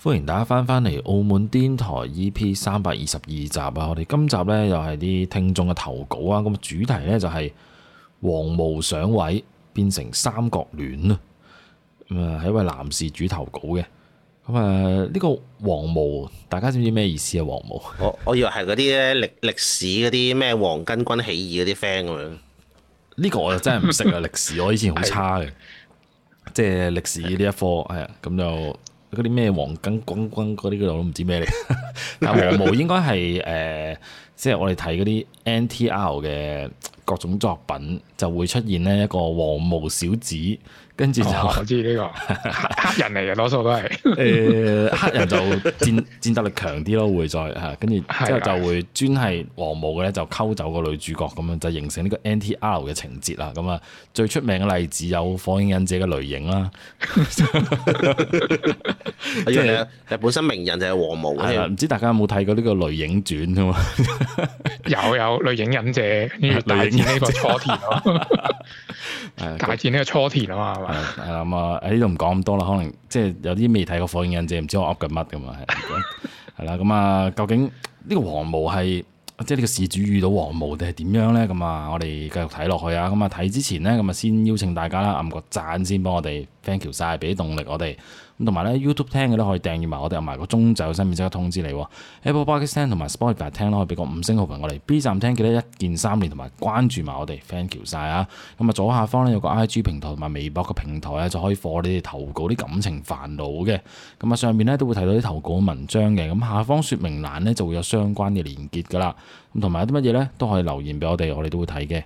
歡迎大家翻返嚟澳門電台 EP 三百二十二集啊！我哋今集呢，又係啲聽眾嘅投稿啊！咁主題呢，就係黃毛上位變成三角戀啊！咁啊係一位男士主投稿嘅。咁啊呢個黃毛，大家知唔知咩意思啊？黃毛？我我以為係嗰啲咧歷歷史嗰啲咩黃巾軍起義嗰啲 friend 咁樣。呢個我就真係唔識啊！歷史我以前好差嘅， 的即係歷史呢一科係啊咁就。嗰啲咩黃金軍軍嗰啲度都唔知咩嚟，但黃毛應該係誒，即係、 呃就是、我哋睇嗰啲 NTR 嘅各種作品就會出現呢一個黃毛小子。跟住就、哦，我知呢、這個 黑人嚟嘅，多數都係。誒、欸，黑人就戰 戰鬥力強啲咯，會再吓，跟住之後就會專係黃毛嘅咧，就溝走個女主角咁樣，就形成呢個 NTR 嘅情節啦。咁啊，最出名嘅例子有《火影忍者》嘅雷影啦。即係本身鳴人就係黃毛，係啊？唔知大家有冇睇過呢個《雷影傳》添 ？有有《雷影忍者》跟大戰呢個初田大戰呢個初田啊 初田嘛。 係，係咁啊！喺呢度唔講咁多啦，可能即係有啲未睇過《火影忍者》，唔知我噏緊乜㗎嘛。係啦，咁啊，究竟呢個黃毛係即係呢個事主遇到黃毛定係點樣咧？咁啊，我哋繼續睇落去啊！咁啊，睇之前咧，咁啊，先邀請大家啦，撳個讚先，幫我哋 thank you 晒，俾啲動力我哋。同埋咧，YouTube 聽嘅咧可以訂閱埋我哋，有埋個鐘就上面即刻通知你，哦。Apple Podcast 同埋 Spotify 聽咯，可以俾個五星好評我哋。B 站聽，記得一鍵三連同埋關注埋我哋 Thank you 晒啊！咁啊，左下方咧有個 I G 平台同埋微博嘅平台咧就、啊、可以放你哋投稿啲感情煩惱嘅。咁啊上面咧都會睇到啲投稿文章嘅。咁下方說明欄咧就會有相關嘅連結噶啦。咁同埋啲乜嘢咧都可以留言俾我哋，我哋都會睇嘅。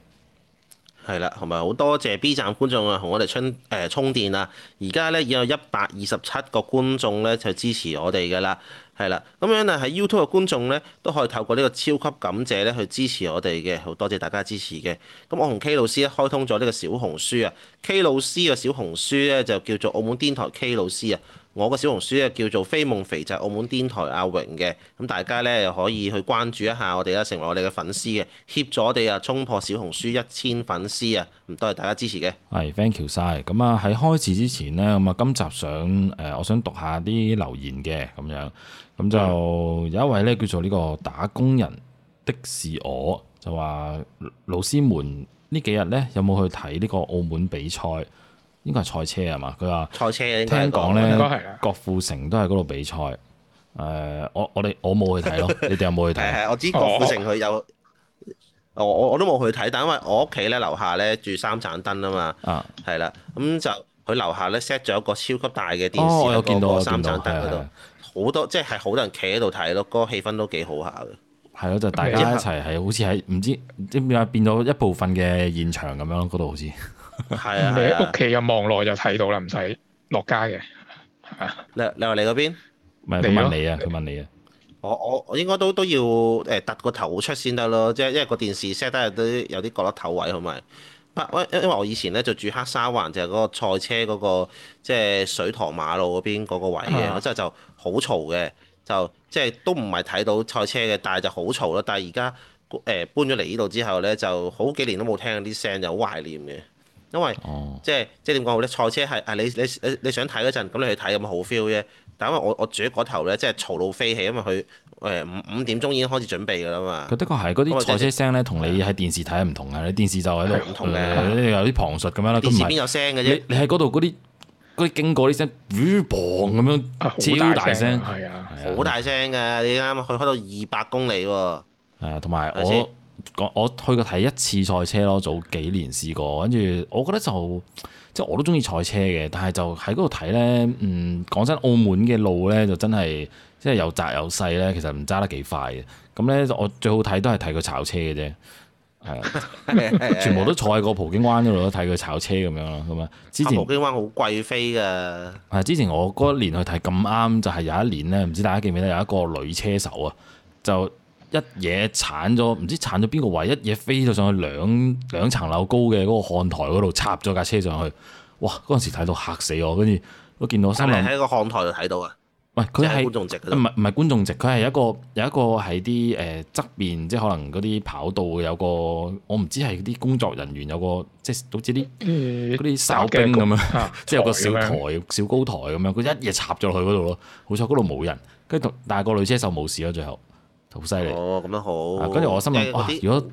係啦，同埋好多謝 B 站觀眾啊，同我哋充誒充電啊！而家咧已有一百二十七個觀眾咧，就支持我哋嘅啦。係啦，咁樣咧，喺 YouTube 嘅觀眾咧，都可以透過呢個超級感謝咧，去支持我哋嘅。好多謝大家支持嘅。咁我同 K 老師咧、啊、開通咗呢個小紅書啊，K 老師嘅小紅書咧、啊、就叫做澳門癲台 K 老師啊。我個小紅書咧叫做飛夢肥仔，就是、澳門癲台阿榮嘅，咁大家咧又可以去關注一下我哋啦，成為我哋嘅粉絲嘅，協助我哋又衝破小紅書一千粉絲啊！唔多謝大家支持嘅。係，thank you 晒。咁啊喺開始之前呢，咁啊今集想誒、呃，我想讀下啲留言嘅咁樣，咁就有一位咧叫做呢個打工人的是我，就話老師們幾呢幾日咧有冇去睇呢個澳門比賽？應該係賽車係嘛？佢話賽車，聽講咧，郭富城都喺嗰度比賽。誒，我我哋我冇去睇咯，你哋有冇去睇？我知郭富城佢有，我我我都冇去睇，但因為我屋企咧樓下咧住三盞燈啊嘛，係啦，咁就佢樓下咧 set 咗一個超級大嘅電視喺個三盞燈度，好多即係好多人企喺度睇咯，嗰個氣氛都幾好下嘅。係咯，就大家一齊係好似係唔知點變變咗一部分嘅現場咁樣，嗰度好似。係啊， 你喺屋企又望落就睇到啦，唔使落街嘅。 你你話你嗰邊咪？問你啊，佢問你啊 。我我我應該都都要誒，突、欸、個頭出先得咯。即係因為個電視 set 得都有啲角落頭位好咪？不，因為我以前咧就住黑沙環，就係、係、嗰個賽車嗰、嗰個即係水塘馬路嗰邊嗰個位嘅， 之後就好嘈嘅，就即係都唔係睇到賽車嘅，但係就好嘈咯。但係而家誒搬咗嚟呢度之後咧，就好幾年都冇聽嗰啲聲，就好懷念嘅。因為即係即係點講好咧？賽車係係你你你你想睇嗰陣，咁你去睇咁好 feel 啫。但係因為我我住喺嗰頭咧，即係嘈到飛起，因為佢誒五五點鐘已經開始準備噶啦嘛。佢的確係嗰啲賽車聲咧，同你喺電視睇唔同啊！你電視就喺度唔同嘅，啊、有啲旁述咁樣啦。電視邊有聲嘅啫？你喺嗰度嗰啲啲經過啲聲 boom 咁樣超大聲，係啊，好大聲㗎！你啱啱去開到二百公里喎。係啊，同埋我。我我去過睇一次賽車咯，早幾年試過，跟住我覺得就即係我都中意賽車嘅，但係就喺嗰度睇呢，嗯，講真，澳門嘅路呢，就真係即係又窄又細呢，其實唔揸得幾快嘅。咁呢，我最好睇都係睇佢炒車嘅啫，係啊， 全部都坐喺個葡京灣嗰度都睇佢炒車咁樣咯，咁啊。之前葡、啊、京灣好貴飛噶，係之前我嗰一年去睇咁啱，就係有一年呢，唔知大家記唔記得，有一個女車手啊，就。一嘢鏟咗，唔知鏟咗邊個位，一嘢飛咗上去兩兩層樓高嘅嗰個看台嗰度，插咗架車上去。哇！嗰陣時睇到嚇死我，跟住我見到三林喺個看台度睇到啊。唔係佢係觀眾席？唔係唔係觀眾席？佢係一個有一個喺啲誒側邊，即係可能嗰啲跑道有個，我唔知係啲工作人員有個，即係好、嗯、似啲嗰啲哨兵咁樣，即係個小台，台小高台咁樣。佢一嘢插咗落去嗰度咯。好彩嗰度冇人，跟住但係個女車手冇事咯，最後。好犀利哦，咁樣好。跟住我心諗，哇！如果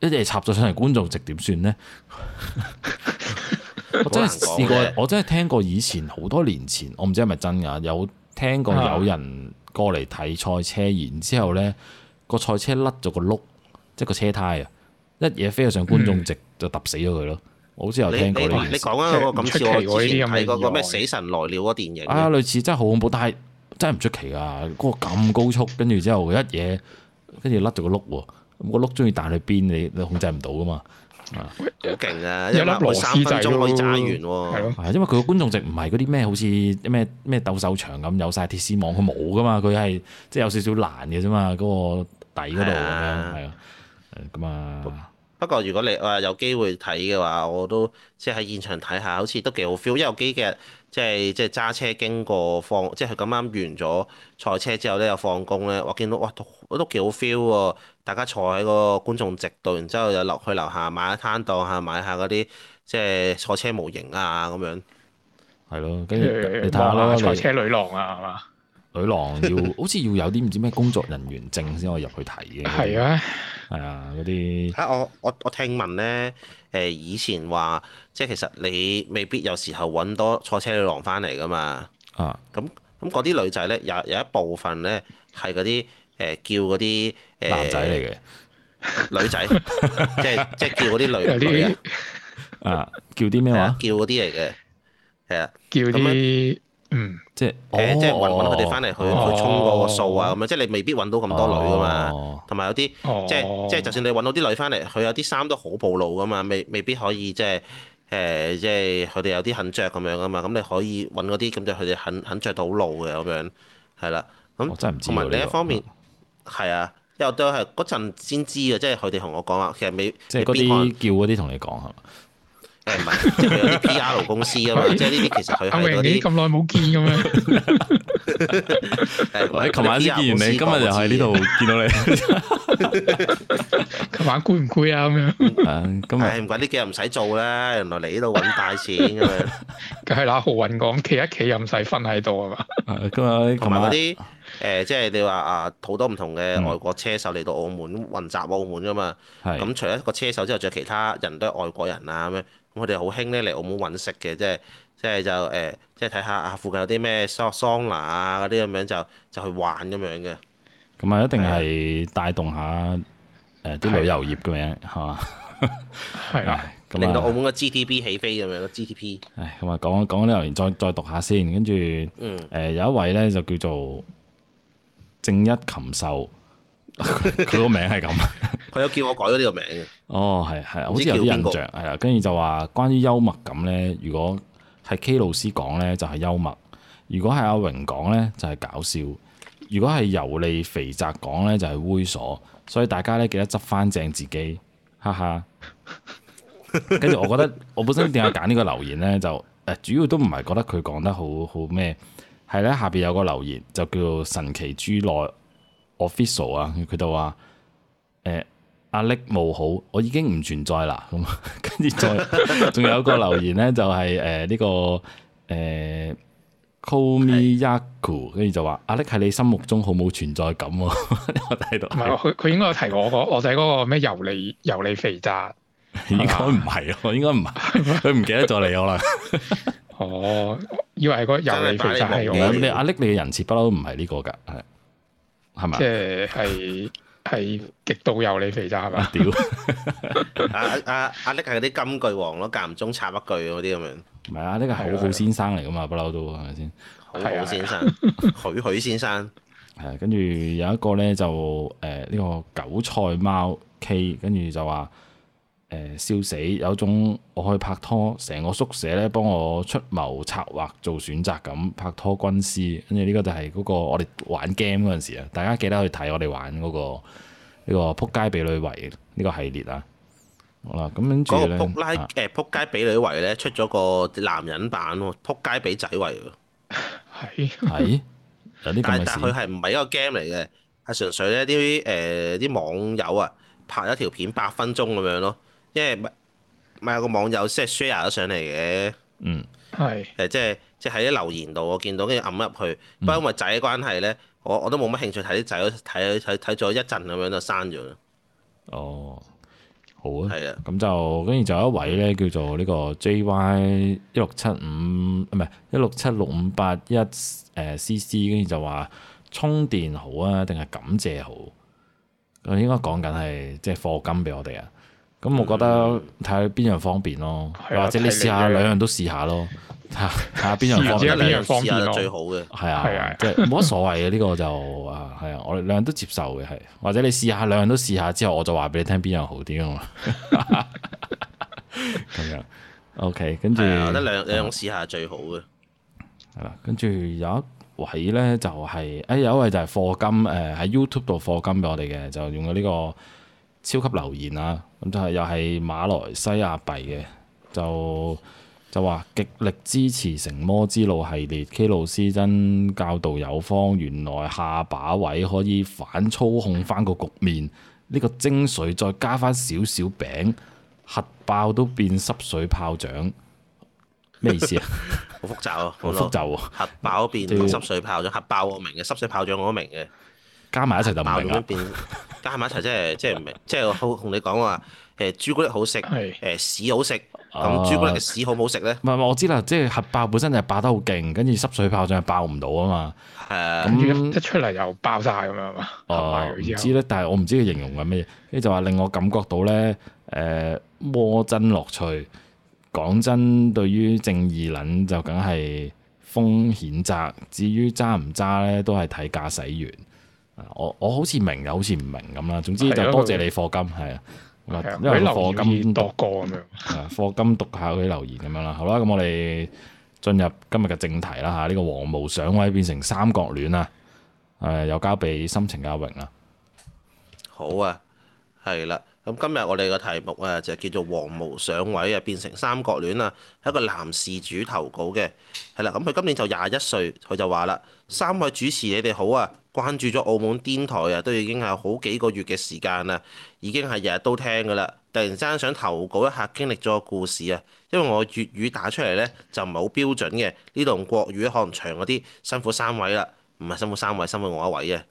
一嘢插咗上嚟，觀眾席點算呢？我真係試過，我真係聽過以前好多年前，我唔知係咪真噶有聽過有人過嚟睇賽車，然之後呢個賽車甩咗個轆，即係個車胎啊，一嘢飛咗上觀眾席就揼死咗佢咯。我好似有聽過呢啲。你講啊，我咁出奇，我睇過個咩《死神來了》個電影。啊，類似真係好恐怖，但係。真係唔出奇噶，嗰、那個咁高速，跟住之後一嘢，跟住甩咗個碌，咁個碌中意彈去邊，你你控制唔到噶嘛？好勁啊！啊一粒螺絲仔，就可以揸完喎。係咯，因為佢個觀眾席唔係嗰啲咩，好似咩咩鬥獸場咁有晒鐵絲網，佢冇噶嘛，佢係即係有少少欄嘅啫嘛，嗰、那個底嗰度咁樣係啊，誒、嗯、咁啊。不過如果你話、哎、有機會睇嘅話，我都即係喺現場睇下，好似都幾好 feel。因為有機嘅，日即係即係揸車經過放，即係佢咁啱完咗賽車之後咧，又放工咧，我見到哇都都幾好 feel 喎！大家坐喺個觀眾席度，然之後又落去樓下買一攤檔吓，買下嗰啲即係賽車模型啊咁樣。係咯，跟住、呃、你睇下啦，賽、呃、車女郎啊，係嘛？女郎要好似要有啲唔知咩工作人員證先可以入去睇嘅。係、 那個、啊，係啊，嗰啲嚇我我我聽聞咧，誒以前話即係其實你未必有時候揾多坐車女郎返嚟㗎嘛。啊，咁咁嗰啲女仔咧，有有一部分咧係嗰啲誒叫嗰啲誒男仔嚟嘅女仔，即係即係叫嗰啲女女啊，叫啲咩話？叫嗰啲嚟嘅，係啊，叫啲。 叫 嗯，即係是誒，即係揾揾佢哋翻嚟，去佢充、哦、個數啊咁、哦、樣，即係你未必揾到咁多女噶嘛，同埋、哦、有啲、哦、即係即係，就算你揾到啲女翻嚟，佢有啲衫都好暴露噶嘛，未未必可以即係誒，即係佢哋有啲肯着咁樣噶嘛，咁你可以揾嗰啲咁就佢哋肯肯著到露嘅咁樣，係啦，咁同埋另一方面，係、這個、啊，因為都係嗰陣先知嘅，即係佢哋同我講話，其實未即係嗰啲叫嗰啲同你講係嘛。誒唔係，即係、 哎、有啲 P.R. 公司啊嘛， 即係呢啲其實佢係嗰啲咁耐冇見咁樣。誒，琴晚見完你今日又喺呢度見到你。琴 晚攰唔攰啊？咁 樣、哎。咁今唔怪啲嘅又唔使做啦，原來嚟呢度揾大錢咁樣。係 啦、哎，豪運港企一企又唔使瞓喺度啊嘛。係、 哎、今日。同埋嗰啲誒，即係你話啊，好多唔同嘅外國車手嚟到澳門混雜、嗯、澳門噶嘛。咁是除咗一個車手之後，仲有其他人都係外國人啊咁樣。我哋好興咧嚟澳門揾食嘅，即係即係就誒、欸，即係睇下啊附近有啲咩桑拿啊，嗰啲咁樣就就去玩咁樣嘅，咁啊一定係帶動下誒啲旅遊業咁的 樣嚇嘛，係啊的，咁令到澳門嘅 GDP 起飛咁樣，個 GDP。誒咁啊，講講呢留言，再再讀下先，跟住誒有一位咧就叫做正一禽獸。佢個 名係咁，佢有叫我改咗呢個名嘅。哦，係係，好似有啲印象，係啊。跟住就話關於幽默感呢，如果係 K 老師講呢，就係幽默，如果係阿榮講呢，就係搞笑，如果係油膩肥宅講呢，就係猥瑣。所以大家呢，記得執翻正自己，哈哈。跟住我覺得我本身點解揀呢個留言呢，就誒主要都唔係覺得佢講得好好咩，係呢下邊有個留言就叫神奇豬內 official 啊，佢就話誒、欸、阿力冇好，我已經唔存在啦。咁跟住再仲有個留言咧，就係誒呢個誒 Call me Yaku，跟住就話阿力喺你心目中好冇存在感，啊。我睇到唔係，佢佢應該有提我個我仔嗰個咩油膩油膩肥渣。應該唔係， 我應該唔係，佢唔記得咗嚟我啦。哦，以為係個油膩肥宅係我，你，你阿力你嘅人設不嬲唔係呢個噶係。係咪？即係係極度油膩肥渣係嘛？屌！阿阿阿力係嗰啲金句王咯，間唔中插一句嗰啲咁樣。唔係啊，呢、呢個係好好先生嚟噶嘛， 是不嬲都係咪先？好好先生，許許 先生。係跟住有一個咧就誒呢、呃呢個韭菜貓 K，跟住就話。誒，笑死！有種我可以拍拖，成個宿舍咧幫我出謀策劃做選擇咁拍拖軍師，跟住呢個就係嗰個我哋玩 game 嗰陣時啊，大家記得去睇我哋玩嗰個呢個撲街被女圍呢個系列啊！好啦，咁跟住咧，誒撲街被女圍咧出咗個男人版喎，啊，撲街被仔圍喎，係係是 有啲，但但佢係唔係一個 game 嚟嘅，係純粹咧啲誒啲網友啊拍一條片八分鐘咁樣咯。因為咪有個網友即係 share 咗上嚟嘅，嗯，係誒是，是即係即係喺啲留言度我見到，跟住撳入去。不過因為仔嘅關係呢，我我都冇乜興趣睇啲仔，睇睇睇咗一陣咁樣就刪咗。哦，好啊。係啊的，咁就跟住就有一位呢，叫做呢個 JY 一六七五唔係一六七六五八一誒 CC，跟住就話充電好啊，定係感謝好。咁應該講緊係即係課金俾我哋啊？咁我覺得睇邊樣方便咯，或者你試下兩樣都試下咯，睇下邊樣方便，或者兩樣試下最好嘅。係啊，係啊，即係冇乜所謂嘅呢個就啊，係啊，我哋兩樣都接受嘅係，或者你試下兩樣都試下之後，我就話俾你聽邊樣好啲啊嘛。咁樣，OK，跟住得兩兩樣試下最好嘅。係啦，跟住有一位咧就係，哎呀，有一位就係課金誒喺 YouTube 度課金俾我哋嘅，就用咗呢個。超級留言啊！咁就係又係馬來西亞幣嘅，就就話極力支持《成魔之路》系列，K 老師真教導有方。原來下把位可以反操控翻個局面，呢個精髓再加翻少少餅，核爆都變濕水炮仗。咩意思啊？好 複雜啊！好 複雜喎！ 核爆變濕水炮仗，核爆我明嘅，濕水炮仗我都明嘅。加埋一齊就矛盾咁加埋一齊即係即係即係我好同你講話誒，朱古力好食誒屎好食，咁是朱古力嘅屎好唔好食咧？唔係、啊、我知啦，即、就、係、是、核爆本身就係爆得好勁，跟住濕水炮仗又爆唔到啊嘛。咁、啊、一出嚟又爆晒咁樣嘛。我、啊、唔知咧，但係我唔知佢形容緊咩嘢。你就話令我感覺到咧誒，摸、呃、真樂趣。講真，對於正義撚就梗係風險責，至於揸唔揸咧，都係睇駕駛員。我我好似明又好似唔明咁啦，總之就多謝你課金，係啊，因為課金多過咁樣，課金讀下嗰啲留言咁樣啦，好啦，咁我哋進入今日嘅正題啦嚇，呢個黃毛上位變成三角戀啊，誒，又交俾心情阿榮啊，好啊。係啦，咁今日我哋個題目啊就叫做黃毛上位啊變成三角戀啊，係一個男事主投稿嘅。係啦，咁佢今年就廿一歲，佢就話啦：三位主持你哋好啊，關注咗澳門癲台啊，都已經係好幾個月嘅時間啦，已經係日日都聽㗎啦。突然之間想投稿一下經歷咗個故事啊，因為我粵語打出嚟咧就唔係好標準嘅，呢度國語可能長嗰啲，辛苦三位啦，唔係辛苦三位，辛苦我一位嘅。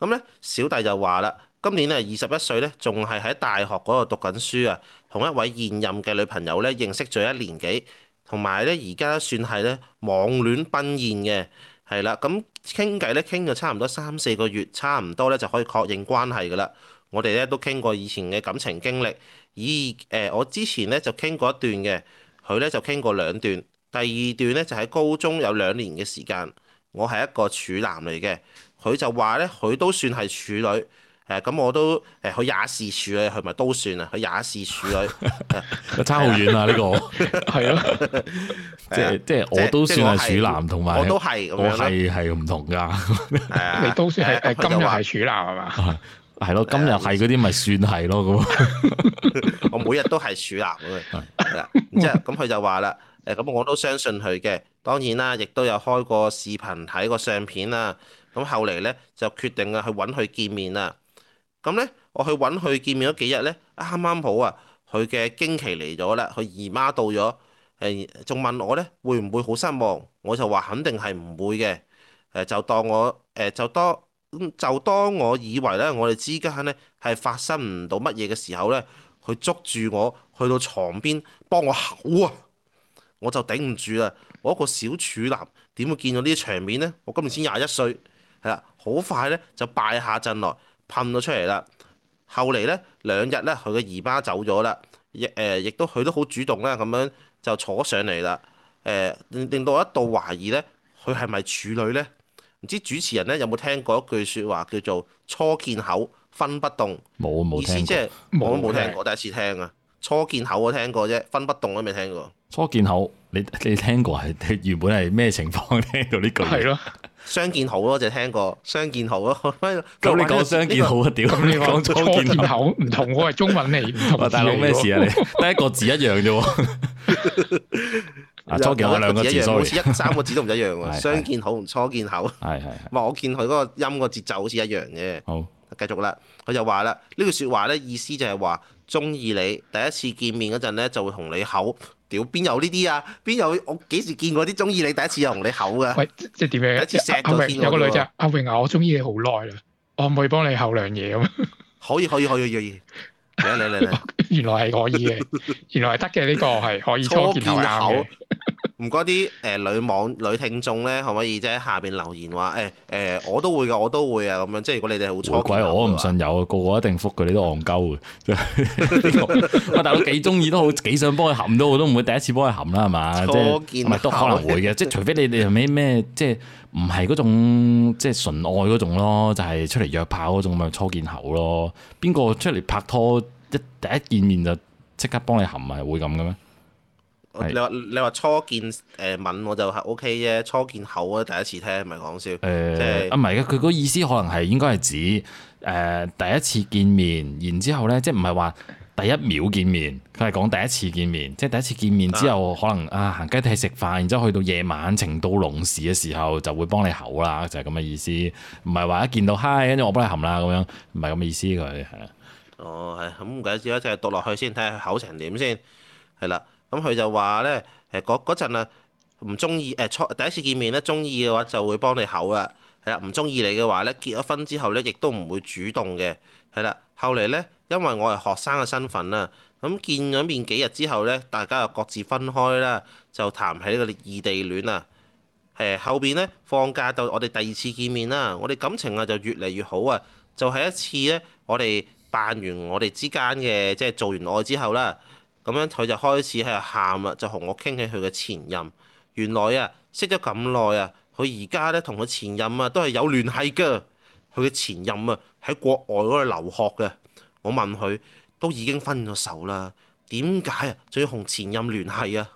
咁咧小弟就話啦。今年啊，二十一歲咧，仲係喺大學嗰度讀緊書啊。同一位現任嘅女朋友咧，認識咗一年幾，同埋咧而家算係咧網戀奔現嘅，係啦。咁傾偈咧，傾咗差唔多三四個月，差唔多咧就可以確認關係㗎喇。我哋咧都傾過以前嘅感情經歷，咦？誒、呃，我之前咧就傾過一段嘅，佢咧就傾過兩段。第二段咧就喺高中有兩年嘅時間，我係一個處男嚟嘅，佢就話咧佢都算係處女。誒咁、嗯、我都誒佢、呃、也處是處女、嗯、啊，佢咪都算啊，佢、就、也是處女啊，差好遠啊呢個，係啊，即係即係我都算係處男同埋，我都係我係係唔同㗎，係啊，你都算係誒今日係處男係嘛？係咯、啊，今日係嗰啲咪算係咯咁，我每日都係處男㗎。係啦、就是，然之後咁佢就話啦，誒咁、啊嗯嗯、我都相信佢嘅，當然啦，亦都有開過視頻睇過相片啦。咁後嚟咧就決定啊去揾佢見面啊。咁咧，我去揾佢見面嗰幾日咧，啱啱好啊，佢嘅經期嚟咗啦，佢姨媽到咗，誒、呃、仲問我咧，會唔會好失望？我就話肯定係唔會嘅，誒、呃、就當我誒、呃、就當、呃、就當我以為咧，我哋之間咧係發生唔到乜嘢嘅時候咧，佢捉住我去到床邊幫我口啊，我就頂唔住啦，我一個小處男點會見到呢啲場面咧？我今年先廿一歲，係啦，好快咧就敗下陣來。噴咗出嚟啦，後嚟咧兩日咧，佢嘅姨媽走咗啦，亦誒亦都佢都好主動啦，咁樣就坐上嚟啦，誒、呃、令到我一度懷疑咧，佢係咪處女咧？唔知主持人咧有冇聽過一句説話叫做初見口分不動？冇冇，意思即係我都冇聽過，聽過第一次聽啊！有初見口我聽過啫，分不動都未聽過。初見口你你聽過係原本係咩情況聽到呢句？係咯。相見好咯，就聽過相見好咯。咁你講相見好啊？屌，你講初見口唔同我係中文嚟。我大佬咩事啊？你？第一個字一樣啫喎。初見口兩個字一樣，好似一三個字都唔一樣喎。相見好唔初見口。係係。我見佢嗰個音個節奏好似一樣嘅。好，繼續啦。佢就話啦，呢句説話咧意思就係話中意你，第一次見面嗰陣咧就會同你口。屌，邊有呢啲啊？邊有我幾時見過啲中意你？第一次又同你口嘅。喂，即係點樣？阿榮、啊、有一個女仔。阿、啊、榮啊，我中意你好耐啦，我唔可以幫你口兩嘢咁。 可以可以可以可以，嚟嚟嚟嚟，來來 原來係可以嘅， 原來係得嘅，呢個係可以初見面口。唔該啲誒女網女聽眾咧，可唔可以即喺下邊留言話誒誒我都會嘅，我都會啊咁樣。即如果你哋好初，我鬼我唔信有啊， 個個一定覆佢，你都戇鳩嘅。 我大佬幾中意都好，幾想幫佢含都好，都唔會第一次幫佢含啦，係嘛？見即見係都可能會嘅，即 除非你哋係咩咩，即唔係嗰種即純愛嗰種咯，就係、係、出嚟約炮嗰種咪、就係、初見口咯。邊個出嚟拍拖一第一見面就即刻幫你含係會咁嘅咩？你話你話初見誒吻、呃、我就係 O K 啫，初見口啊第一次聽，唔係講笑誒，欸即係、啊唔係嘅，佢個意思可能係應該係指誒、呃、第一次見面，然之後咧即係唔係話第一秒見面，佢係講第一次見面，即係第一次見面之後、啊、可能啊行街睇食飯，然之後去到夜晚情到濃時嘅時候就會幫你口啦，就係咁嘅意思，唔係話一見到嗨跟住我幫你含啦咁樣，唔係咁嘅意思佢係。哦，係咁唔緊要，即係讀落去先，睇下佢口成點先，係啦。咁佢就話咧誒，嗰陣啊，唔中意誒初第一次見面咧，中意嘅話就會幫你口啊，係啦，唔中意你嘅話咧，結咗婚之後咧，亦都唔會主動嘅，係啦。後嚟咧，因為我係學生嘅身份啊，咁見咗面幾日之後咧，大家又各自分開啦，就談起呢個異地戀啊。誒後邊咧放假到我哋第二次見面啦，我哋感情啊就越嚟越好啊。就係一次咧，我哋辦完我哋之間嘅即係做完愛之後啦。咁樣佢就開始喺度喊啦，就同我傾起佢嘅前任。原來啊，識咗咁耐啊，佢而家咧同佢前任啊都係有聯繫嘅。佢嘅前任啊喺國外嗰度留學嘅。我問佢都已經分咗手啦，點解啊仲要同前任聯繫啊？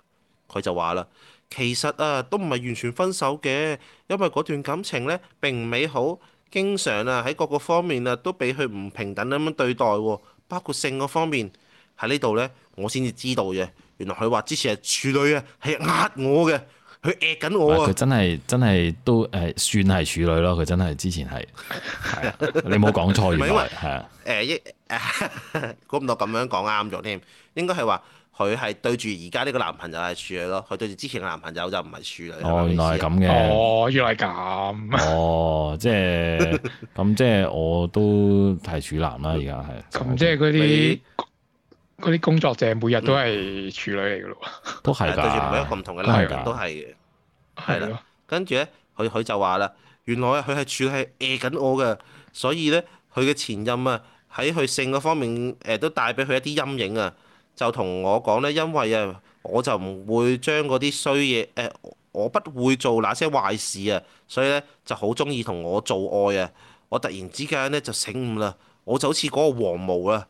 佢就話啦，其實啊都唔係完全分手嘅，因為嗰段感情咧並唔美好，經常啊喺各個方面啊都俾佢唔平等咁樣對待，啊，包括性嗰方面。喺呢度咧，我先至知道啫。原來佢話之前係處女啊，係呃我嘅，佢呃緊我啊。佢真係真係都誒算係處女咯。佢真係之前係係啊，你冇講錯，原來係啊誒一誒估唔到咁樣講啱咗添。應該係話佢係對住而家呢個男朋友係處女咯。佢對住之前嘅男朋友就唔係處女。哦，原來係咁嘅。哦，原來係咁。哦，即係咁，即係我都係處男啦。而家係。咁即係嗰啲。嗰啲工作者每日都係處女嚟嘅咯，都係㗎， 對住每一個唔同嘅男人都係嘅，係啦。的跟住咧，佢佢就話啦，原來佢係處女係誒緊我嘅，所以咧佢嘅前任啊喺佢性嗰方面誒、呃、都帶俾佢一啲陰影啊。就同我講咧，因為啊，我就唔會將嗰啲衰嘢誒，我不會做那些壞事啊，所以咧就好中意同我做愛啊。我突然之間咧就醒悟啦，我就好似嗰個黃毛啊！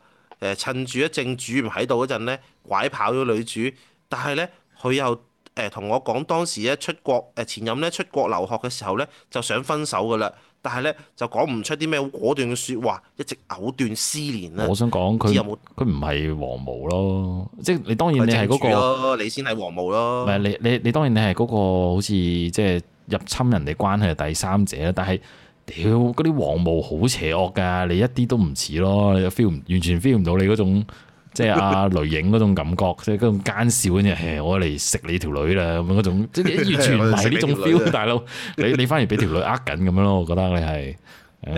誒趁住一正主唔喺度嗰陣咧，拐跑咗女主，但係咧佢又誒同我講當時咧出國誒前任咧出國留學嘅時候咧就想分手㗎喇，但係咧就講唔出啲咩好果斷嘅説話，一直藕斷絲連啦。我想講佢有冇佢唔係黃毛咯，即係你當然你係嗰、嗰個、啊、你先係黃毛咯。唔係你你你，你當然你係嗰、嗰個好似即係入侵人哋關係嘅第三者啦，但係。屌，嗰啲黃毛好邪惡噶，你一啲都唔似咯，你 feel 唔完全 feel 唔到你嗰種，即係、啊、阿雷影嗰 種、哎、種、種感覺，即係嗰種奸笑嗰啲我嚟食你條女啦，咁嗰種，即係完全唔係呢種 feel，大佬，你你反而俾條女呃緊咁樣咯，我覺得你係，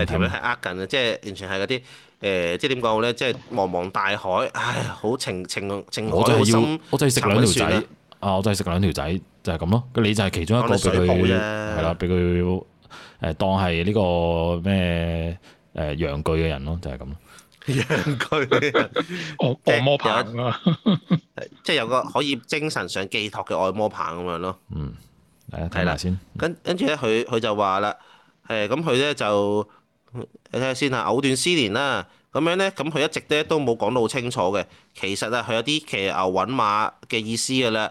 條、嗯、女係呃緊啊，即係完全係嗰啲，誒、呃，即係點講好咧，即係茫茫大海，唉，好情情情海，我真係要，心我真係食兩條仔，啊，我真係食兩條仔，就係、是、咁咯，你就係其中一個俾佢，係啦，俾佢。誒，當係呢、這個咩，誒，陽具嘅人咯，就係咁咯。陽具， 按摩棒，即係有個可以精神上寄託嘅按摩棒咁樣咯。嗯，係啊，睇下先。跟跟住咧，佢佢就話啦，誒，咁佢咧就，你睇下先啊，藕斷絲連啦。咁樣咧，咁佢一直咧都冇講到好清楚嘅。其實啊，佢有啲騎牛揾馬嘅意思噶啦。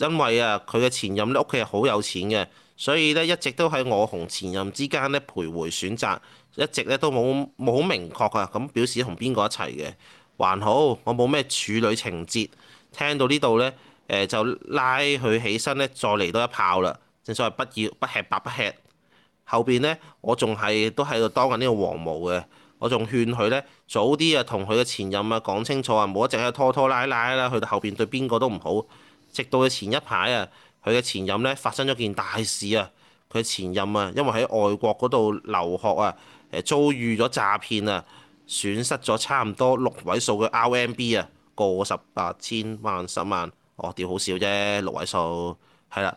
因為啊，佢嘅前任咧屋企係好有錢嘅。所以咧一直都喺我同前任之間咧徘徊選擇，一直咧都冇冇好明確啊，咁表示同邊個一齊嘅。還好我冇咩處女情節，聽到呢度咧，誒、呃、就拉佢起身咧，再嚟多一炮啦。正所謂不要不吃白不吃。後邊咧我仲係都喺度當緊呢個黃毛嘅，我仲勸佢咧早啲啊同佢嘅前任啊講清楚啊，冇一直喺拖拖拉拉啦，去到後邊對邊個都唔好。直到佢前一排啊～佢嘅前任咧發生咗件大事啊！佢嘅前任啊，因為喺外國嗰度留學啊，誒、呃、遭遇咗詐騙啊，損失咗差唔多六位數嘅 RMB 啊，過十八千萬十萬，哦屌好少啫，六位數，係啦，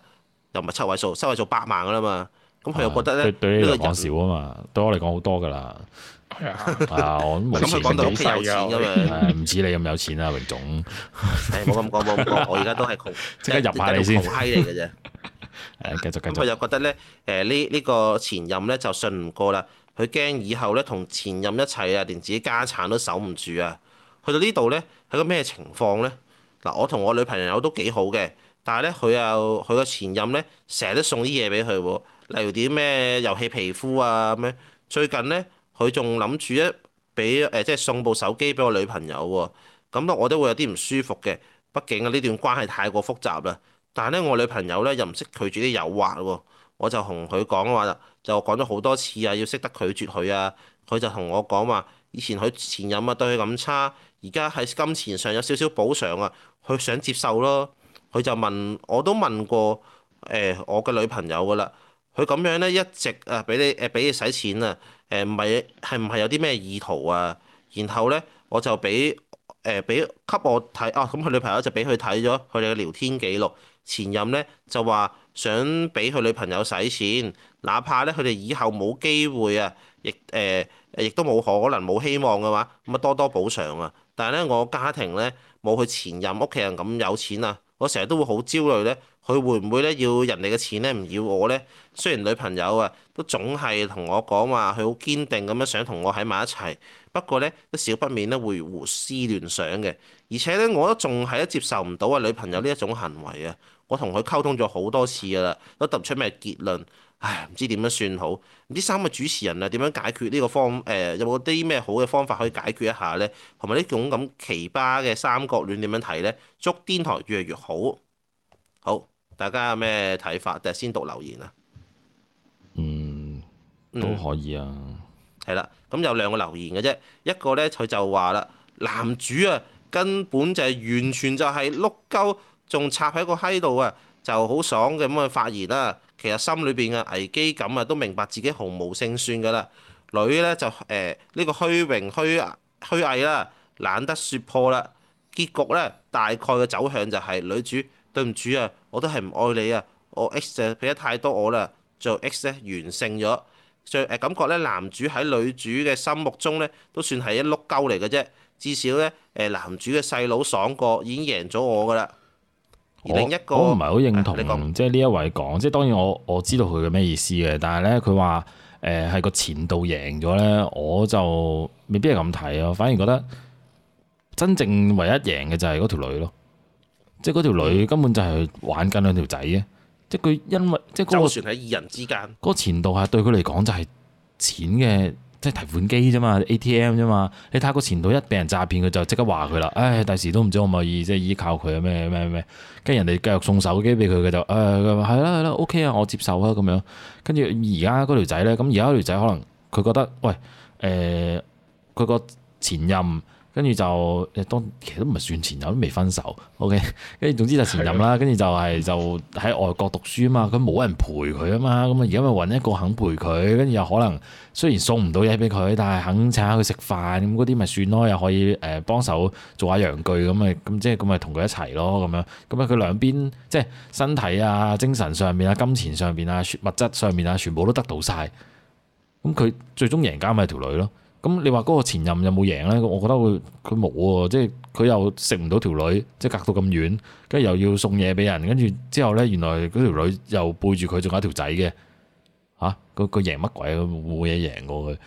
又唔係七位數，七位數百萬噶啦嘛，咁佢又覺得咧呢、啊、對對對個人少啊嘛，對我嚟講好多噶啦。係 Yeah. 啊，我都冇錢幾犀噶，唔知你咁有錢啊，榮總。誒、 哎，冇咁講，冇咁講，我而家都係窮，即刻 入一下你先，好閪嚟嘅啫。誒，繼續繼續。咁佢就覺得咧，誒呢呢個前任咧就信唔過啦。佢驚以後咧同前任一齊啊，連自己家產都守唔住啊。去到呢度咧係個咩情況咧？嗱，我同我女朋友都幾好嘅，但係咧佢又佢個前任咧成日都送啲嘢俾佢喎，例如啲咩遊戲皮膚啊咁樣。最近咧。佢仲諗住一俾誒，即係送部手機俾我女朋友喎。咁咯，我都會有啲唔舒服嘅，畢竟呢段關係太過複雜啦。但係咧，我女朋友咧又唔識拒絕啲誘惑喎，我就同佢講話嘛，就講咗好多次啊，要識得拒絕佢啊。佢就同我講話嘛，以前佢前任啊對佢咁差，而家喺金錢上有少少補償啊，佢想接受咯。佢就問我都問過誒、欸、我嘅女朋友噶啦，佢咁樣咧一直啊俾你誒俾你使錢啊。誒唔係，係唔係有啲咩意圖啊？然後咧我就俾誒俾給、呃、給我睇啊！咁佢女朋友就俾佢睇咗佢哋嘅聊天記錄。前任咧就話想俾佢女朋友使錢，哪怕咧佢哋以後冇機會啊，亦誒亦都冇可能冇希望嘅話，咁啊多多補償啊！但係咧我家庭咧冇佢前任屋企人咁有錢啊。我成日都會好焦慮咧，佢會唔會咧要人哋嘅錢咧，唔要我咧？雖然女朋友啊，都總係同我講話，佢好堅定咁樣想同我喺埋一齊，不過咧都少不免咧會胡思亂想嘅。而且咧，我都仲係都接受唔到啊！女朋友呢一種行為啊，我同佢溝通咗好多次噶啦，都得唔出咩結論。唉，唔知點樣算好？唔知三個主持人啊，點樣解決呢個方？誒、呃，有冇啲咩好嘅方法可以解決一下呢？同埋呢種咁奇葩嘅三角戀點樣睇呢？祝癲台越嚟越好。好，大家有咩睇法？定係先讀留言啊？嗯，都可以啊。係啦、嗯，咁有兩個留言嘅啫。一個呢，佢就話啦，男主啊，根本就係、是、完全就係碌鳩，仲插喺個閪度啊，就好爽嘅咁嘅發言啦。其實心裏邊嘅危機感啊，都明白自己毫無勝算噶啦。女咧就誒呢、呃這個虛榮虛虛偽啦，懶得説破啦。結局咧大概嘅走向就係、是、女主對唔住啊，我都係唔愛你啊，我 X 就俾得太多我啦。最後 X 咧完勝咗，所以、呃、感覺咧男主喺女主嘅心目中咧都算係一碌鳩嚟嘅啫。至少咧誒、呃、男主嘅細佬爽過，已經贏咗我噶啦。另一個我我唔係好認同、啊、即係呢一位講，即係當然我我知道佢嘅咩意思嘅，但係咧佢話誒係個前度贏咗咧，我就未必係咁睇咯，反而覺得真正唯一贏嘅就係嗰條女咯，即係嗰條女根本就係玩緊兩條仔嘅，即係佢因為即係就、那個、算喺二人之間，嗰個前度係對佢嚟講就係錢嘅。即提款機啫嘛，ATM 啫嘛，你睇下個前度一俾人詐騙佢就即刻話佢啦，唉，第時都唔知可唔可以即係依靠佢咩咩咩，跟住人哋繼續送手機俾佢佢就誒，係啦係啦，OK 啊，我接受啊咁樣，跟住而家嗰條仔咧，咁而家條仔可能佢覺得，喂，誒、呃，佢個前任。跟住就，當其實都唔係算前任，都未分手。OK，跟住總之就前任啦。跟住的就係、是、就喺外國讀書啊嘛，佢冇人陪佢啊嘛，咁啊而家咪揾一個肯陪佢，跟住又可能雖然送唔到嘢俾佢，但係肯請下佢食飯，咁嗰啲咪算咯，又可以誒，幫手做下洋具咁咪咁即係咁咪同佢一齊咯，咁樣咁啊佢兩邊即係身體啊、精神上面啊、金錢上面啊、物質上面啊，全部都得到晒。咁佢最終贏家咪條女咯。咁你話嗰個前任有冇贏咧？我覺得佢佢冇喎，即係佢又食唔到條女，即係隔到咁遠，跟住又要送嘢俾人，跟住之後咧，原來嗰條女又背住佢仲有一條仔嘅，嚇？佢佢贏乜鬼？冇嘢贏過佢，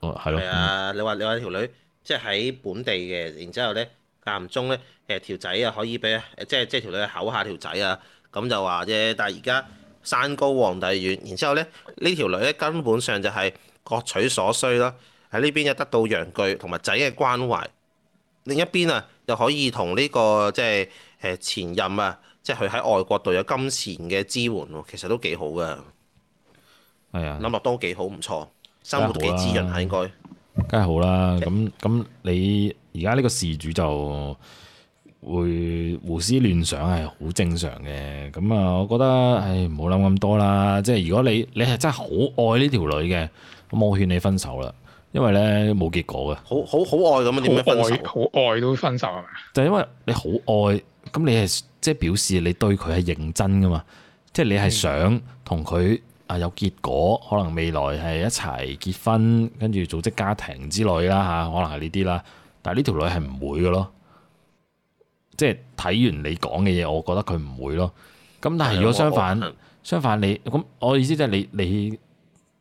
哦，係咯。啊，你話你話條女即係喺本地嘅，然之後咧間唔中咧誒條仔啊可以俾，即係即係條女口下條仔啊，咁就話啫。但係而家山高皇帝遠，然之後咧呢條女咧根本上就係各取所需咯。喺呢邊又得到陽具同埋仔嘅關懷，另一邊啊又可以同呢個即係誒前任啊，即係佢喺外國，又有金錢嘅支援喎。其實都幾好㗎，係啊，諗落都幾好，唔錯，生活幾滋潤啊應該，梗係好啦。咁咁 Okay.，你而家呢個事主就會胡思亂想係好正常嘅。咁啊，我覺得唉唔好諗咁多啦。即係如果你你係真係好愛呢條女嘅，咁我勸你分手啦。因為咧冇結果嘅，好好好愛，咁點樣分手？好愛都分手係咪？就係因為你好愛，咁你係即係表示你對佢係認真噶嘛？即係你係想同佢啊有結果，可能未來係一齊結婚，跟住組織家庭之類啦吓，可能係呢啲啦。但係呢條女係唔會嘅咯，即係睇完你講嘅嘢，我覺得佢唔會咯。咁但係如果相反，相反你咁，我意思即係你你。你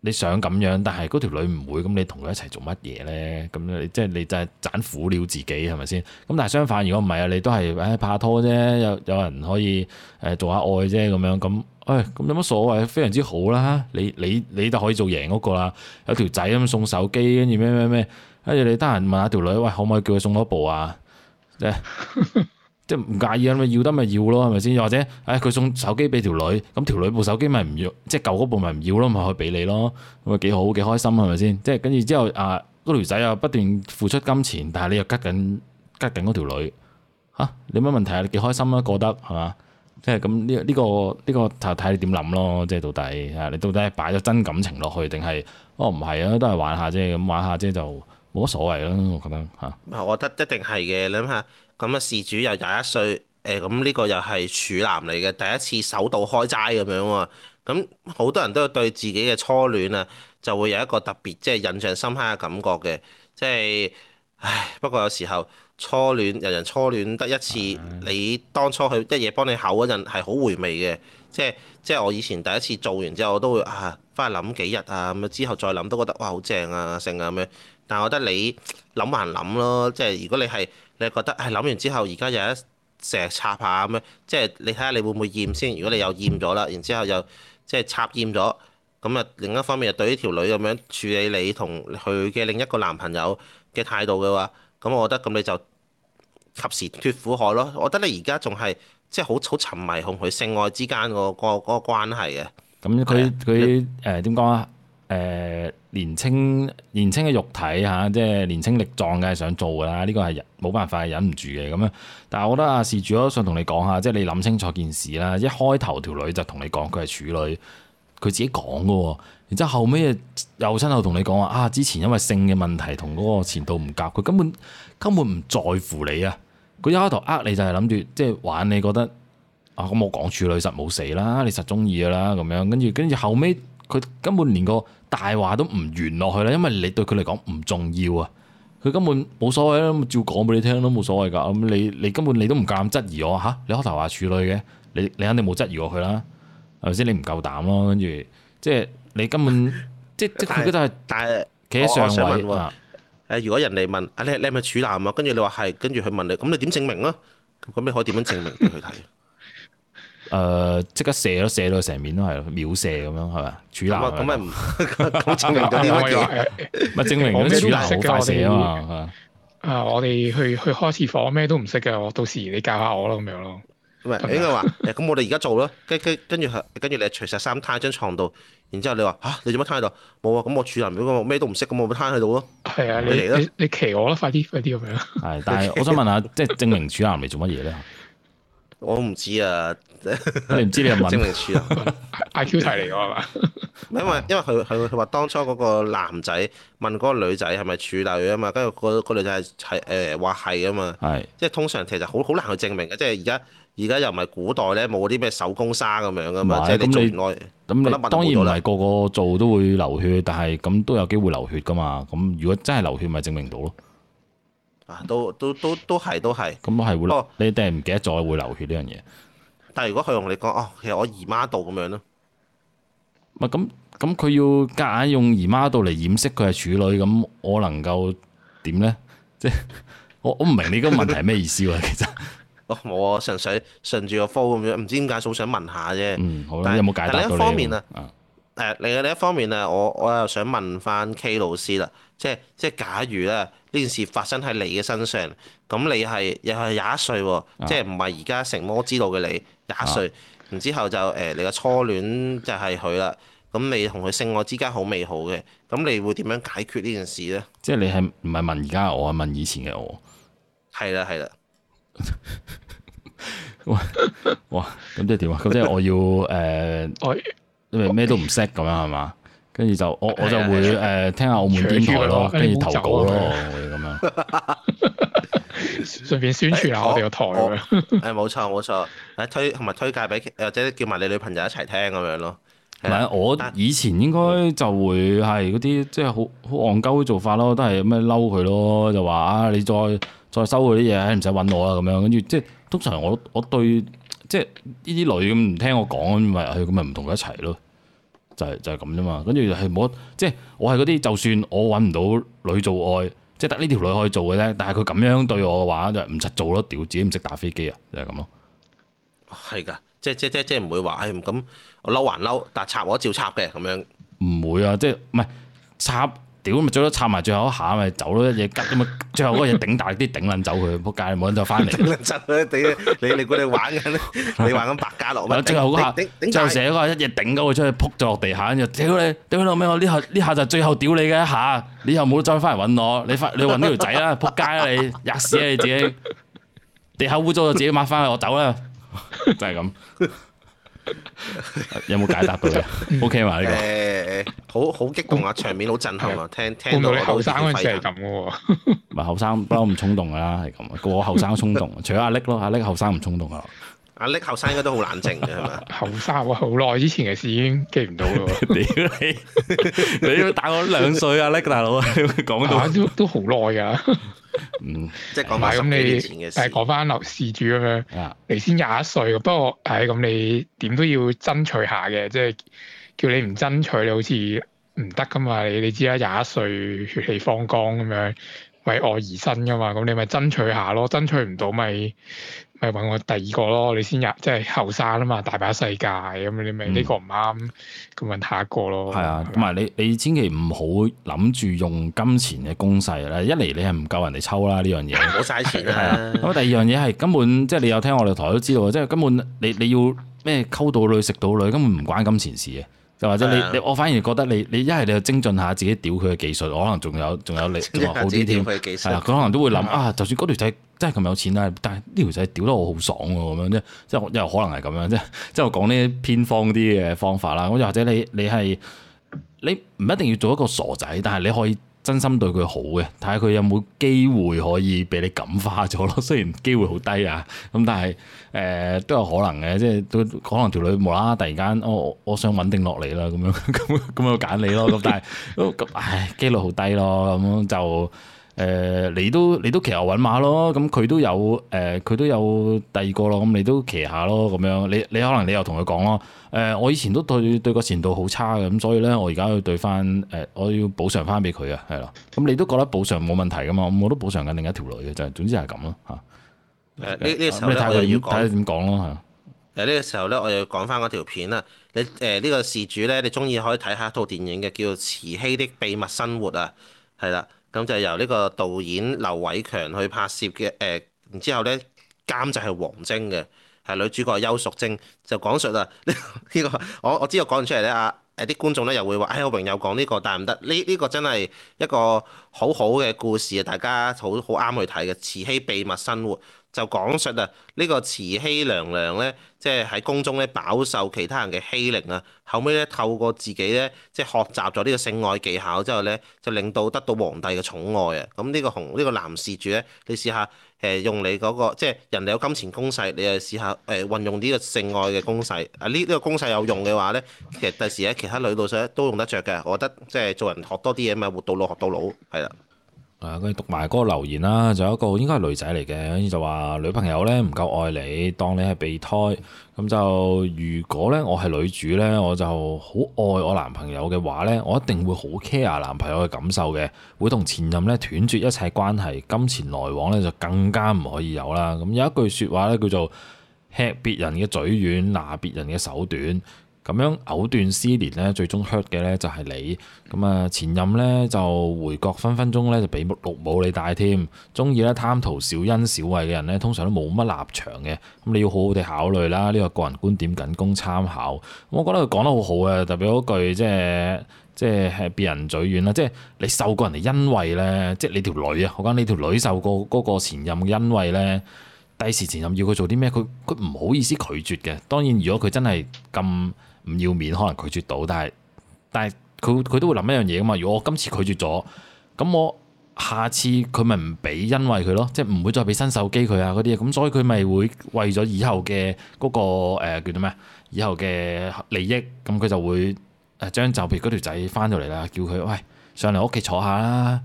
你想咁樣，但係嗰條女唔會，咁你同佢一齊做乜嘢呢？咁你即係你，你就係盞苦了自己係咪先？咁但係相反，如果唔係啊，你都係誒拍拖啫，有有人可以誒、呃、做下愛啫咁樣。咁誒咁有乜所謂？非常之好啦！你你你都可以做贏嗰個啦。有條仔咁送手機，跟住咩咩咩，跟住你得閒問下條女，喂，可唔可以叫佢送多部啊？ 即係唔介意啊，咪要得咪要咯，係咪先？又或者，誒、哎，佢送手機俾條女，咁條女部手機咪唔要，即係舊嗰部咪唔要咯，咪可以俾你咯，咁咪幾好，幾開心，係咪先？即係跟住之後，啊，條仔又不斷付出金錢，但係你又吉緊吉緊嗰條女，吓你乜問題啊？你幾開心啊？覺得係嘛？即係咁呢？呢、這個呢、這個睇睇，這個、你點諗咯，即係到底吓你到底係擺咗真感情落去，定係哦唔係啊？都係玩下啫，咁玩下啫就冇乜所謂啦，我覺得吓。啊、我覺得一定係嘅，諗下。咁啊，事主又廿一歲，誒、哎，咁呢個又係處男嚟嘅，第一次首度開齋咁樣喎。咁好多人都對自己嘅初戀啊，就會有一個特別即係印象深刻嘅感覺嘅。即係，唉，不過有時候初戀，人人初戀得一次，你當初佢一夜幫你口嗰陣係好回味嘅。即係即係我以前第一次做完之後，我都會啊，翻去諗幾日啊，咁啊之後再諗都覺得哇好正啊，剩啊咁樣。但係我覺得你諗還諗咯，即係如果你係。你覺得係諗完之後，而家又一成日插下咁樣，即係你睇下你會唔會厭先？如果你又厭咗啦，然之後又即係插厭咗，咁、嗯、啊另一方面又對呢條女咁樣處理你同佢嘅另一個男朋友嘅態度嘅話，咁、嗯、我覺得咁你就及時脫苦海咯。我覺得你而家仲係即係好好沉迷同佢性愛之間、嗰個個嗰、嗰個關係嘅。咁佢佢誒點講啊？是誒，年青年青嘅肉體吓、啊，即係年青力壯嘅想做噶啦，呢、呢個係冇辦法忍唔住嘅咁樣。但係我覺得阿事主都想同你講下，即係你諗清楚件事啦。一開頭條女就同你講佢係處女，佢自己講噶，然之後後尾又親口同你講話啊，之前因為性嘅問題同嗰個前度唔夾，佢根本根本唔在乎你啊。佢一開頭呃你就係諗住即係玩你，覺得啊咁我講處女實冇死啦，你實中意噶啦咁樣，跟住跟住後尾。佢根本連個大話都唔圓落去啦，因為你對佢嚟講唔重要啊，佢根本冇所謂啦，照講俾你聽都冇所謂噶。咁你你根本你都唔敢質疑我吓，你開頭話處女嘅，你你肯定冇質疑我佢啦，係咪先？你唔夠膽咯，跟住即係你根本即係即係佢覺得係，但係企喺上位誒。如果人哋問啊，你你係咪處男啊？跟住你話係，跟住佢問你，咁你點證明咯啊？咁你可以點樣證明佢睇？ 誒即刻射咯，射到成面都係秒射咁樣係嘛？處男啊，咁咪唔，唔證明到乜嘢？咪證明咧處男好快射啊嘛！啊，我哋去去開次房，咩都唔識嘅，我到時你教下我咯，咁樣咯。唔係，應該話誒，咁我哋而家做咯，跟跟住跟住你係除曬衫攤喺張床度，然之後你話吓你做乜攤喺度？冇啊，咁我處男嗰個咩都唔識，咁我咪攤喺度咯。係啊，你嚟你你騎我啦，快啲快啲咁樣。係，但係我想問下，即係證明處男嚟做乜嘢咧？我唔知啊。你唔知你又問證 明處男 個男？I Q 齊嚟㗎係嘛？因為因為佢佢佢話當初嗰個男仔問嗰個女仔係咪處女啊嘛，跟住個個女仔係係誒話係啊嘛。係即係通常其實好好難去證明嘅，即係而家而家又唔係古代咧，冇啲咩手工砂咁樣啊嘛。係咁，喂你咁你，嗯、你當然唔係個個做都會流血，但係咁都有機會流血㗎嘛。咁如果真係流血咪證明到咯？啊，都都都都係都係。咁我係會你哋唔記得再會流血呢樣嘢？但係如果佢同你講哦，其實我姨媽度咁樣咯，唔係咁咁佢要夾硬用姨媽度嚟掩飾佢係處女咁，我能夠點咧？即係我我唔明你個問題係咩意思喎？其實， 我純粹順住個 flow 咁樣，唔知點解所以想問下啫。嗯，好啦，但有冇解答到你？另一方面啊，誒另外另一方面啊，面我我又想問翻 K 老師啦，即係即係假如咧呢件事發生喺你嘅身上，咁你係又係廿一歲喎，啊、即係唔係而家成魔之道嘅你？廿歲，啊、然之後就誒、呃，你個初戀就係佢啦。咁你同佢性愛之間好美好嘅，咁你會點樣解決呢件事呢？即係你係唔係問而家？我係問以前嘅我。係啦，係啦 。哇哇，咁即係點啊？咁即係我要誒，呃、 因為咩都唔識咁樣係嘛？跟住就我我就會誒、呃、聽下澳門電台咯，跟住投稿咯，我會咁樣。 順 便宣傳下我哋個台，哎，誒，冇錯冇錯，誒、 哎哎、推同埋推介俾，或者叫埋你女朋友一齊聽咁樣咯。唔係我以前應該就會係嗰啲，即係好好戇鳩嘅做法咯，都係咩嬲佢咯，就話啊，你再再收佢啲嘢，唔使揾我啦咁樣。跟住即係通常我我對即係呢啲女咁唔聽我講，咪係咁咪唔同佢一齊咯，就是、就係咁啫嘛。跟住就係、是、冇，即係、就是、我係嗰啲，就算我揾唔到女做愛。即係得呢條女可以做嘅啫，但係佢咁樣對我嘅話就唔使做咯，屌自己唔識打飛機啊，就係咁咯。係㗎，即係即係即係唔會話，哎咁我嬲還嬲，但係插我照插嘅咁樣。唔會啊，即係唔係插。屌咪最多插埋最後一下咪走咯，一嘢吉咁啊！最後嗰嘢頂大啲頂撚走佢，仆街冇人再翻嚟。頂撚你你估你玩嘅你玩咁白家奴咩？最後嗰下， 最後成日嗰下一嘢頂咗佢出去，撲咗落地下。屌你，屌你老味！我呢下呢下就最後屌你嘅一下，你以後冇再翻嚟揾我，你翻你揾呢條仔啦！仆街啦你，吔屎啊你自己！地下污糟就自己抹翻去，我走啦。 就係咁。 有冇解答到啊？O K 嘛？誒，好好激動啊，場面好震撼啊，嗯、聽聽到會會你後生先係咁嘅喎，唔係後生不嬲唔衝動噶、啊、啦，係咁、啊，我後生都衝動，除咗阿叻咯，阿叻後生唔衝動啊。阿叻後生應該都好冷靜嘅係後生喎，好耐之前嘅事已經記唔到咯喎！屌你，你打我兩歲， 啊，叻大佬啊，講到都好耐㗎。 嗯，即係講埋咁你，誒講翻樓事主咁樣。啊，你先廿一歲，不過係咁，你點都要爭取下嘅，即係叫你唔爭取，你好似唔得㗎嘛？你你知啦，廿一歲血氣方剛咁樣。為我而生噶嘛，咁你咪爭取下咯，爭取唔到咪咪揾我第二個咯，你先入，即係後生啊嘛，大把世界，咁你咪呢個唔啱，咁搵、嗯、下一個咯。係啊，唔係吧，你你千祈唔好諗住用金錢嘅攻勢啦，一嚟你係唔夠人哋抽啦，呢樣嘢，冇晒 錢啦。係啊，咁第二樣嘢係根本即係你有聽我哋台都知道，即係根本你你要咩溝到女食到女，根本唔關金錢事嘅。又或者你你的我反而覺得你你一係你要精進下自己屌佢嘅技術，可能仲有仲有力仲好啲添。係啦，佢可能都會諗的啊，就算嗰條仔真係咁有錢啦，但係呢條仔屌得我好爽喎，咁樣啫，即係又可能係咁樣啫，即係我講呢啲偏方啲嘅方法啦。我又或者你你係你唔一定要做一個傻仔，但係你可以，真心對佢好嘅，睇下佢有冇機會可以俾你感化咗咯。雖然機會好低啊，咁但係誒、呃、都有可能嘅，即係都可能條女無啦啦突然間，哦、我我想穩定落嚟啦，咁樣咁咁咪揀你咯。咁 但係咁唉，機率好低咯，咁就。誒，你都你都騎牛揾馬咯，咁佢都有誒，佢都有第二個咯，咁你都騎下咯，咁樣你你可能你又同佢講咯。誒，我以前都對對個前度好差嘅，咁所以咧，我而家要對翻誒，我要補償翻俾佢呀，係啦。咁你都覺得補償冇問題噶嘛？咁我都補償緊另一條女嘅，就係總之係咁咯嚇。誒呢呢個時候咧，我又要睇下點講咯嚇。呢個時候咧，我又講翻嗰條片啊。你誒呢個事主咧，你中意可以睇下一套電影嘅，叫做《慈禧的秘密生活》啊，係啦。咁就由呢個導演劉偉強去拍攝嘅，誒、呃，然之後咧監製就係王晶嘅，係女主角邱淑貞，就講述啦，呢、這個我我知道我講完出嚟咧啊，誒、呃、啲觀眾咧又會話，哎，王蓉又講呢、這個，但係唔得，呢、這、呢、個這個真係一個好好嘅故事啊，大家好好啱去睇嘅《慈禧秘密生活》。就講述啊，呢個慈禧娘娘咧，即係喺宮中咧飽受其他人嘅欺凌啊。後尾咧透過自己咧，即係學習咗呢個性愛技巧之後咧，就令到得到皇帝嘅寵愛啊。咁呢個雄呢個男事主咧，你試下誒用你嗰個，即係人哋有金錢攻勢，你又試下誒運用呢個性愛嘅攻勢啊。呢呢個攻勢有用嘅話咧，其實第時咧，其他女度上都用得着嘅。我覺得即係做人學多啲嘢咪活到老學到老，係啦。係，跟住讀埋嗰個留言啦，就有一個應該係女仔嚟嘅，就話女朋友呢唔夠愛你，當你係備胎。咁就如果呢，我係女主呢，我就好愛我男朋友嘅話呢，我一定會好 care 男朋友嘅感受嘅，會同前任呢斷絕一切關係，金錢來往呢就更加唔可以有啦。咁有一句説話呢叫做吃別人嘅嘴軟，拿別人嘅手短。咁樣藕斷絲連咧，最終 hurt 嘅咧就係你。咁啊前任咧就回國分分鐘咧就俾綠帽你帶添。中意咧貪圖小恩小惠嘅人咧，通常都冇乜立場嘅。咁你要好好地考慮啦。呢個個人觀點僅供參考。我覺得佢講得好好啊，特別嗰句即係即係係別人嘴軟啦。即係你受過人哋恩惠咧，即係你條女啊，我講你條女受過嗰個前任嘅恩惠咧，第時前任要佢做啲咩，佢佢唔好意思拒絕嘅。當然，如果佢真係咁。唔要面，可能拒絕到，但係但係佢佢都會諗一樣嘢噶嘛。如果我今次拒絕咗，咁我下次佢咪唔俾，因為佢咯，即係唔會再俾新手機佢啊嗰啲嘢咁，所以佢咪會為咗以後嘅嗰個、呃、叫做咩以後嘅利益咁，佢就會誒將就譬如嗰條仔翻到嚟啦，叫佢喂，上嚟屋企坐下啦，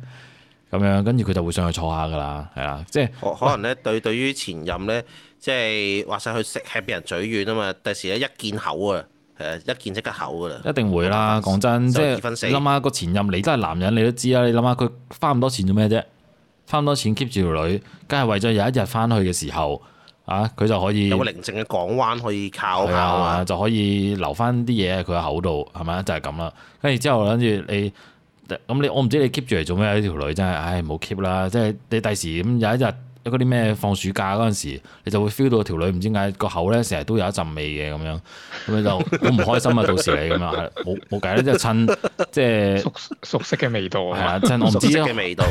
咁樣跟住佢就會上去坐下噶啦，係啦，即係可能咧對對於前任咧，即係話晒去食吃被人嘴軟啊嘛，第時咧一見口啊。誒一見即刻口㗎啦，一定會啦。講真，即係你諗下個前任你都係男人，你都知啊。你諗下佢花咁多錢做咩啫？花咁多錢 keep 住條女，梗係為咗有一日翻去嘅時候，啊佢就可以有個寧靜嘅港灣可以靠靠啊，啊，就可以留翻啲嘢喺佢個口度，係咪啊？就係咁啦。跟住之後諗住你，咁你我唔知你 keep 住嚟做咩呢條女真係，唉冇 keep 啦。即係你第時咁有一日。嗰啲咩放暑假嗰陣時，你就會 feel 到條女唔知點解個口咧成日都有一陣味嘅咁樣，咁就好唔開心啊！ 到時你咁樣，冇冇計咧就趁即係熟熟悉嘅味道啊，趁我唔知嘅味道，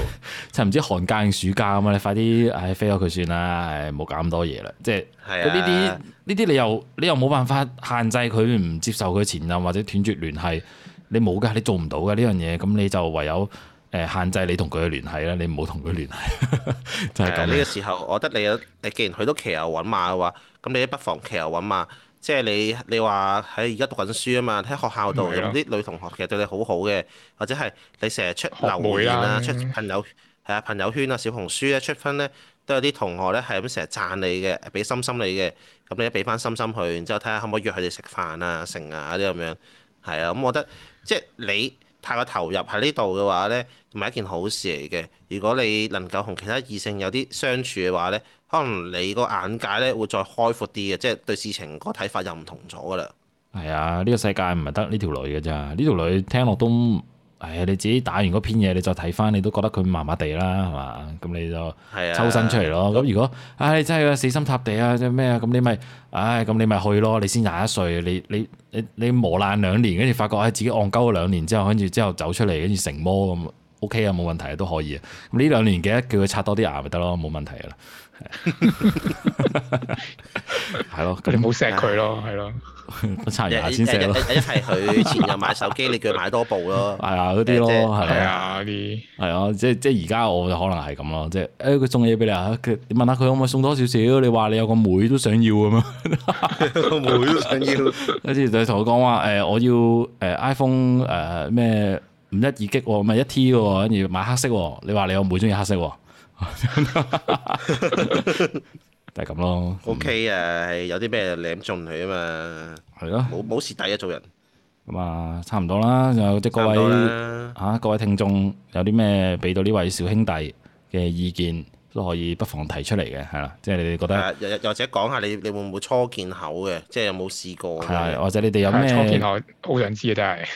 趁唔、啊、 知寒假定暑假咁啊！你快啲唉飛咗佢算啦，唉冇搞咁多嘢啦，即係呢啲呢啲你又你又冇辦法限制佢唔接受佢前任或者斷絕聯繫，你冇㗎，你做唔到㗎呢樣嘢，咁你就唯有。誒限制你同佢嘅聯繫啦，你唔好同佢聯繫，就係咁。呢 個時候，我覺得你啊，你既然去到騎牛揾馬嘅話，咁你不妨騎牛揾馬。即係你，你話喺而家讀緊書啊嘛，喺學校度有啲女同學其實對你好好嘅，或者係你成日出留言啊，啊出朋友係啊、嗯、朋友圈啊、小紅書咧、啊、出分呢，都有啲同學呢係咁成日讚你嘅，俾心心你嘅，咁你都俾翻心心去，然之後睇下可唔可以約佢哋食飯啊、剩啊啲咁樣。係啊，咁、嗯、我覺得即係你。太過投入喺呢度嘅話呢，唔係一件好事嚟嘅。如果你能夠同其他異性有啲相處嘅話呢，可能你個眼界呢會再開闊啲嘅，即係對事情個睇法又唔同咗噶啦。係啊、哎，呢、呢個世界唔係得呢條女嘅咋，呢條女聽落都～係啊、哎，你自己打完嗰篇嘢，你再睇翻，你都覺得佢麻麻地啦，係嘛？咁你就抽身出嚟咯。咁、啊、如果唉、哎、真係死心塌地啊，即係咩啊？咁你咪唉咁你咪去咯。你先廿一歲，你你你你磨爛兩年，跟住發覺唉、哎、自己戇鳩咗兩年之後，跟住之後走出嚟，跟住成魔咁、嗯、OK 啊，冇問題啊，都可以。咁呢兩年記得叫佢刷多啲牙咪得咯，冇問題噶啦。係咯、 哎，你冇錫佢咯，係咯，差人牙先錫咯。一係佢前日買手機，你叫佢買多部咯。係啊，嗰啲咯，係啊，嗰啲係啊，即係即係而家我就可能係咁咯。即係誒，佢送嘢俾你啊！佢問下佢可唔可以送多少少？你話你有個妹都想要啊嘛，妹都想要。 跟住就同我講話誒，我要誒 iPhone 誒、呃、咩五一二 G，唔係一 T 嘅，跟住買黑色。你話你有妹中意黑色？就係咁咯。O K 啊，係有啲咩舐盡佢啊嘛。係咯，冇冇蝕底啊，做人。咁啊，差唔多啦。仲有即係各位吓，各位聽眾有啲咩俾到呢位小兄弟嘅意見，都可以不妨提出嚟嘅，係啦。即係你哋覺得，又或者講下你你會唔會初見口嘅，即係有冇試過？係，或者你哋有咩？初見口，好想知嘅，真係。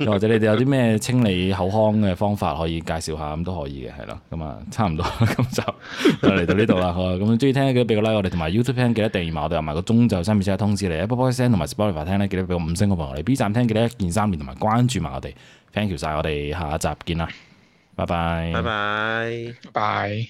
又 或者你哋有啲咩清理口腔嘅方法可以介紹下咁都可以嘅係咯咁啊差唔多咁 就嚟到呢度啦好咁中意聽嘅俾個 like 我哋同埋 YouTube 聽記得訂閱埋我哋同埋個鐘就三秒先有通知你 Apple Podcast 同埋 Spotify 聽咧記得俾個五星個朋友哋 B 站聽記得一鍵三連同埋關注埋我哋 thank you 晒我哋下一集見啦拜拜拜拜拜。